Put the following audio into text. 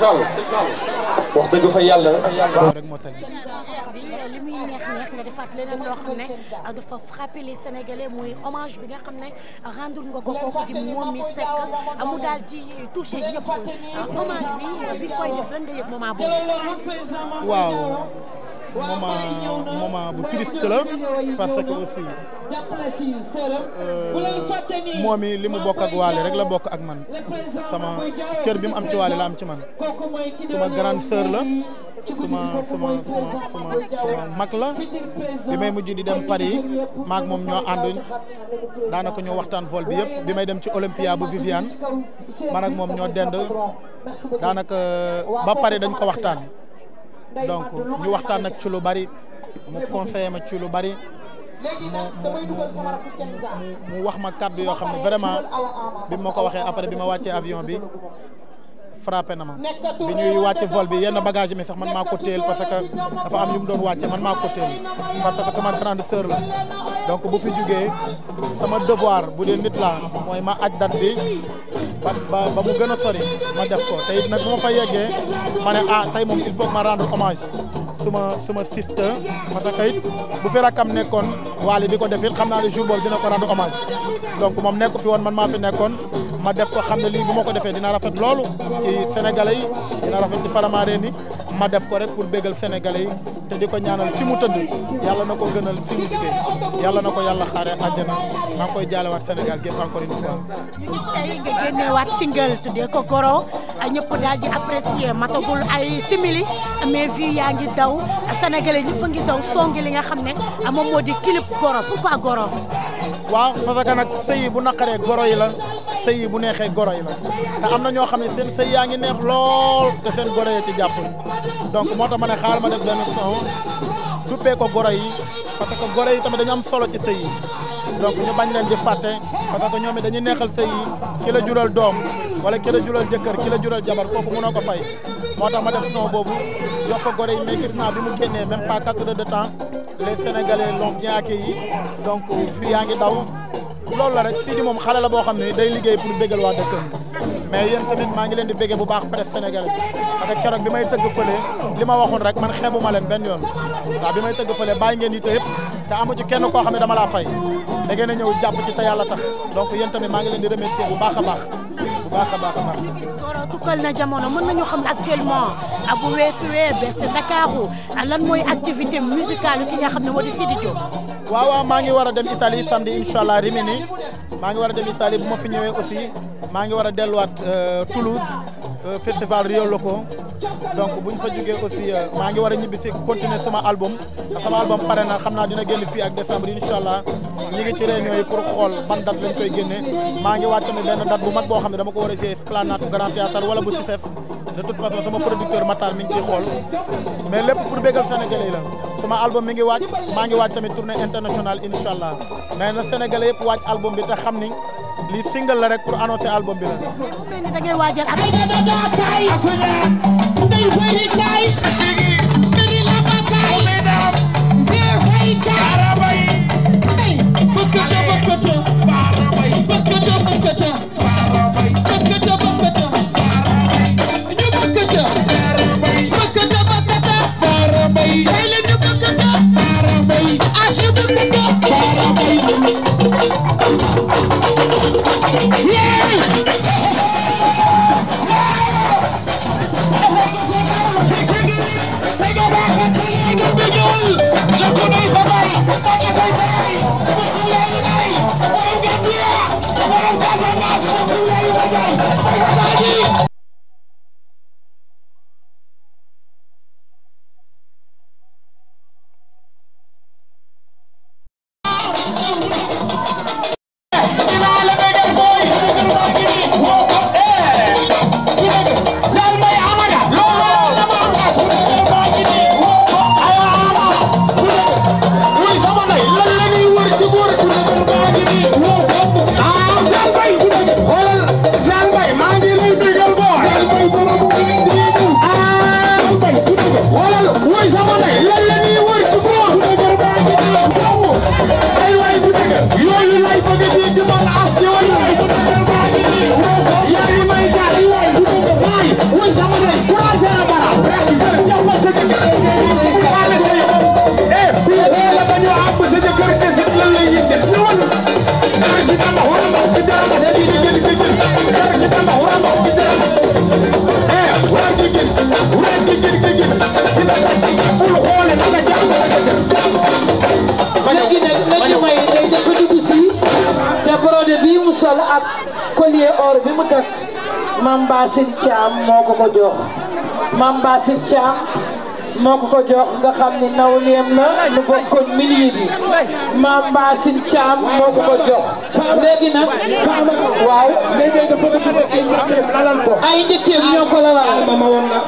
sëñ Fall wax dëgg fa yàlla. li muy neex neex nga defaat leneen loo xam ne dafa frappé les sénégalais muy hommage bi nga xam ne rendre nga ko kooku di moom mi sekk mu daal ci touché ñëpp hommage bi bi koy def lan nga yëg moment boobu. waaw. moment moment bu triste la parce que aussi euh, moom mi li mu bokk ak waale rek la bokk ak man sama cër bi mu am ci waale la am ci man suma grande sœur la suma suma suma suma suma mag la bi may mujj di dem Paris maak moom ñoo ànduñ daanaka ñoo waxtaan vol bi yëpp bi may dem ci Olympia bu Viviane man moom ñoo dend daanaka ba pare dañ ko waxtaan donc ñu waxtaan nag ci lu bari mu conseillé ma ci lu bari mu wax ma kàddu yoo xam ne vraiment bi ma ko waxee après bi ma wàccee avion bi frappé na ma bi ñuy wàcc vol bi yenn bagage mi sax man maa ko parce que dafa am yu mu doon wàcce man maa ko parce que sama grande sœur donc bu fi jugee sama devoir bu dee nit la mooy ma aj dat bi ba ba mu gën a sori ma def ko tey nag bu ma fa yeggee ma ne ah tey moom il faut ma rendre hommage suma suma sister parce que it bu fi rakkam nekkoon waale di ko def xam naa ne jour boobu dina ko rendre hommage donc moom nekku fi woon man maa fi nekkoon ma def ko xam ne lii bu ma ko defee dina rafet loolu ci sénégalais yi dina rafet ci faramaareen ma def ko rek pour bégal sénégalais te di ko ñaanal fi mu tëdd yàlla na ko gënal fi mu jugee yàlla na ko yàlla xaare àjjana maa ngi koy jaalewaat Sénégal gépp encore une fois. ñu gis tey nga génneewaat single tuddee ko Goro ñëpp daal di apprécier matagul ay simili mais fii yaa ngi daw sénégalais ñëpp ngi daw songi li nga xam ne moom moo di clip Goro pourquoi Goro. waaw parce que nag sëy bu naqaree Goro yi la. sëy bu neexee goro yi la te am na ñoo xam ne seen sëy yaa ngi neex lool te seen goro yi ci jàpp donc moo tax ma ne xaar ma def benn son duppee ko goro yi parce que goro yi tam dañu am solo ci sëy yi donc ñu bañ leen di fàtte parce que ñoom it neexal sëy yi ki la jural doom wala ki la jural jëkkër ki la jural jabar kooku mënoo ko fay moo tax ma def son boobu jox ko goro yi mais gis naa bi mu génnee même pas quatre heures de temps les sénégalais l'ont bien accueilli yaa ngi daw loolu la rek Sidy moom xale la boo xam ne day liggéey pour bégal waa dëkkam mais yéen tamit maa ngi leen di béggee bu baax presse sénégalais bi keroog bi may tëgg fële li ma waxoon rek man xeebuma leen benn yoon waaw bi may tëgg fële i ngeen yitte yëpp te amu ci kenn koo xam ne dama laa fay da ngeen a ñëw jàpp ci te yàlla tax donc yéen tamit maa ngi leen di remercier bu baax a baax bu baax a baax a baax tukkal na jamono mën nañu xam actuellement ak bu weesu weer bees Ndakaaru lan ki nga xam ne waaw maa ngi war a dem itali samedi incha allah Rimini maa ngi war a dem Italie bu ma fi ñëwee aussi maa ngi war a delluwaat euh, Toulouse euh, festival Rio Loco donc bu ñu fa jógee aussi euh, maa ngi war a ñibbi si continuer sama album sama album pare na xam naa dina génn fii ak décembre incha allah ñi ngi ci réunion pour xool ban date lañ koy génne maa ngi waat tamit benn date bu mag boo xam ne dama ko war a jouer Esplanade Grand Théâtre wala bu Cissesse. de toute façon sama producteur Matar mi ngi ciy xool mais lépp pour bégal sénégalais la sama album mi ngi waaj maa ngi waaj tamit tournée internationale incha allah mais na sénégalais yëpp waaj album bi te xam ni lii single la rek pour annoncer album bi la. Thank you. bi mu takk Mame Bassin Thiam moo ko jox Mame Bassin Thiam moo ko jox nga xam ni nawleem la ñu bokkoon milieu bi Mame Bassin Thiam moo ko jox léegi nag waaw léegi dafa gis ay ay njëkkeem ñoo ko lalal ma woon na